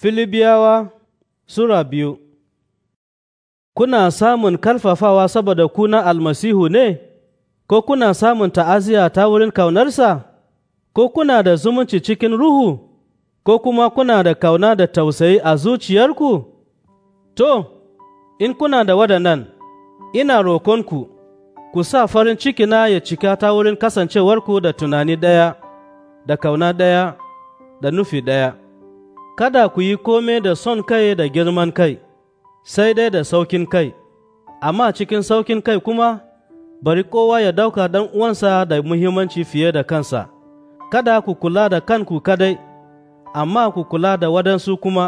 Filibiyawa Sura biyu Kuna samun kalfafawa saboda kuna almasihu ne, ko kuna samun ta'aziya ta wurin kaunarsa, ko kuna da zumunci cikin ruhu, ko kuma kuna da kauna da tausayi a zuciyarku? To, in kuna da waɗannan, ina rokonku, ku sa farin cikina ya cika ta wurin kasancewarku da tunani ɗaya, da kauna ɗaya, da nufi ɗaya. kada ku yi kome da son kai da girman kai, sai dai da saukin kai, amma cikin saukin kai kuma bari kowa ya dauka dan uwansa da muhimmanci fiye da kansa, kada ku kula da kanku kadai, amma ku kula da wadansu kuma,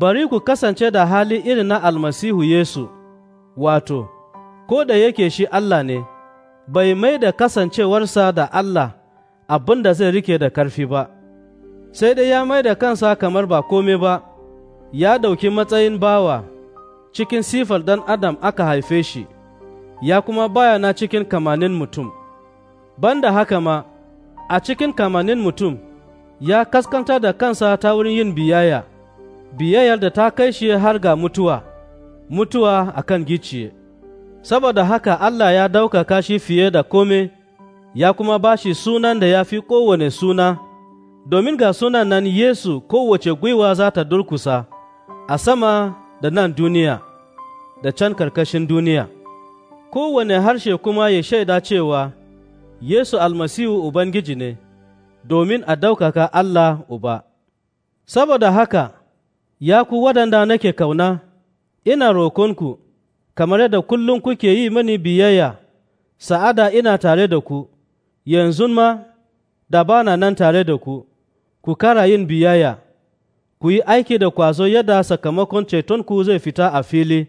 bari ku kasance da hali irin na almasihu Yesu, wato, ko da yake shi Allah ne, bai mai da kasancewarsa da Allah abin da zai rike da karfi ba. sai dai ya mai da kansa kamar ba kome ba, ya ɗauki matsayin bawa cikin sifar dan Adam aka haife shi, ya kuma bayana cikin kamanin mutum. Banda haka ma, a cikin kamanin mutum, ya kaskanta da kansa ta wurin yin biyaya biyayar da ta kai shi har ga mutuwa, mutuwa a kan giciye. Saboda haka Allah ya ɗaukaka shi fiye da kome, ya kuma ba shi sunan da ya fi kowane suna. domin ga sunan nan Yesu kowace gwiwa za ta durkusa a sama da nan duniya da can karkashin duniya, kowane harshe kuma ya shaida cewa Yesu almasihu Ubangiji ne domin a daukaka Allah Uba. Saboda haka, ya ku waɗanda nake kauna, ina rokonku, kamar yadda kullum kuke yi mani biyayya, sa'ada ina tare da ku, yanzu ma da ba na nan tare da ku, ku kara yin biyayya, ku yi aiki da kwazo yadda sakamakon cetonku zai fita a fili,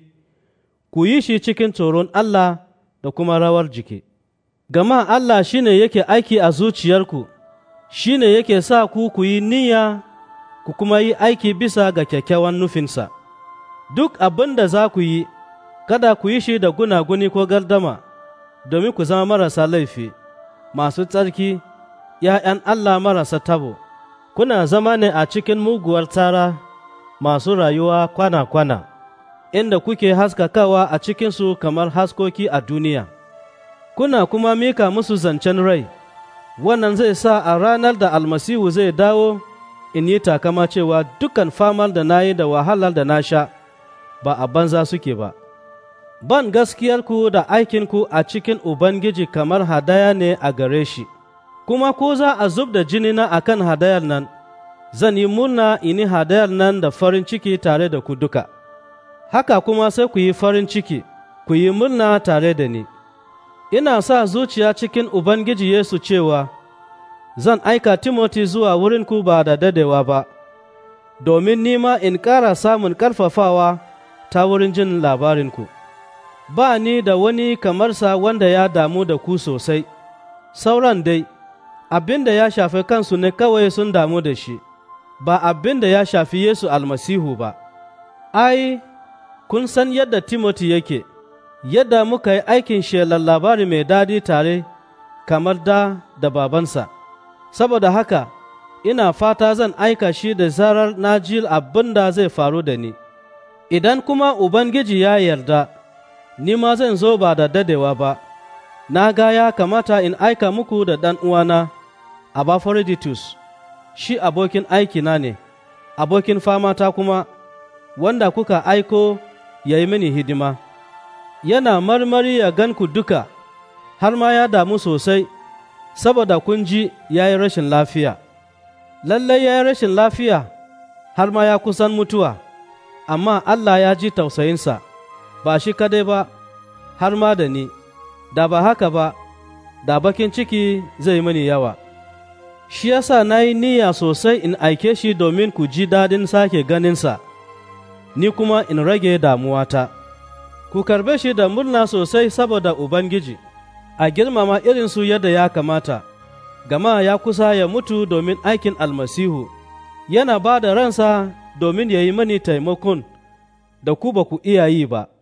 ku yi shi cikin tsoron Allah da kuma rawar jiki. Gama Allah shi ne yake aiki a zuciyarku, shi ne yake sa ku ku yi niyya ku kuma yi aiki bisa ga kyakkyawan nufinsa. Duk abin da za ku yi, kada ku yi shi da gunaguni ko gardama, domin ku zama marasa laifi, masu tsarki. ’ya'yan Allah marasa tabo, kuna zama ne a cikin muguwar tsara masu rayuwa kwana-kwana, inda kuke haskakawa a cikinsu kamar haskoki a duniya. Kuna kuma mika musu zancen rai, wannan zai sa a ranar da almasihu zai dawo in yi takama cewa dukan famar da na yi da wahalar da na sha ba a banza suke ba. Ban gaskiyarku da aikinku a cikin Ubangiji kamar hadaya ne a gare shi. kuma ko za a zub da jinina a kan hadayar nan, zan yi murna ini hadayar nan da farin ciki tare da ku duka, haka kuma sai ku yi farin ciki, ku yi murna tare da ni. Ina sa zuciya cikin Ubangiji Yesu cewa, Zan aika Timoti zuwa wurinku ba da dadewa ba, domin nima in ƙara samun ƙarfafawa ta wurin jin labarinku. Ba ni da wani kamarsa wanda ya damu da ku sosai, sauran dai. abin da ya shafi kansu ne kawai sun damu da shi, ba abin da ya shafi Yesu almasihu ba. Ai, kun san yadda Timoti yake, yadda muka yi aikin shelar labari mai daɗi tare kamar da da babansa. Saboda haka, ina fata zan aika shi da zarar na ji abin da zai faru da ni. Idan kuma Ubangiji ya yarda, ni ma zan zo ba da dadewa ba, na ga ya kamata in aika muku da ɗan uwana. Abaforiditus, shi abokin aikina ne, abokin famata kuma wanda kuka aiko ya yi mini hidima, yana marmari ya gan ku duka, har ma ya damu sosai, saboda kun ji ya yi rashin lafiya. Lallai ya yi rashin lafiya, har ma ya kusan mutuwa, amma Allah ya ji tausayinsa, ba shi kadai ba, har ma da ni, da ba haka ba, da bakin ciki zai mini yawa. shi yasa na yi niyya sosai in aike shi domin ku ji daɗin sake ganinsa, ni kuma in rage damuwata. Ku karbe shi da murna sosai saboda Ubangiji, a girmama irinsu yadda ya kamata, gama ya kusa ya mutu domin aikin almasihu, yana ba da ransa domin ya yi mani taimakon da ku ba ku iya yi ba.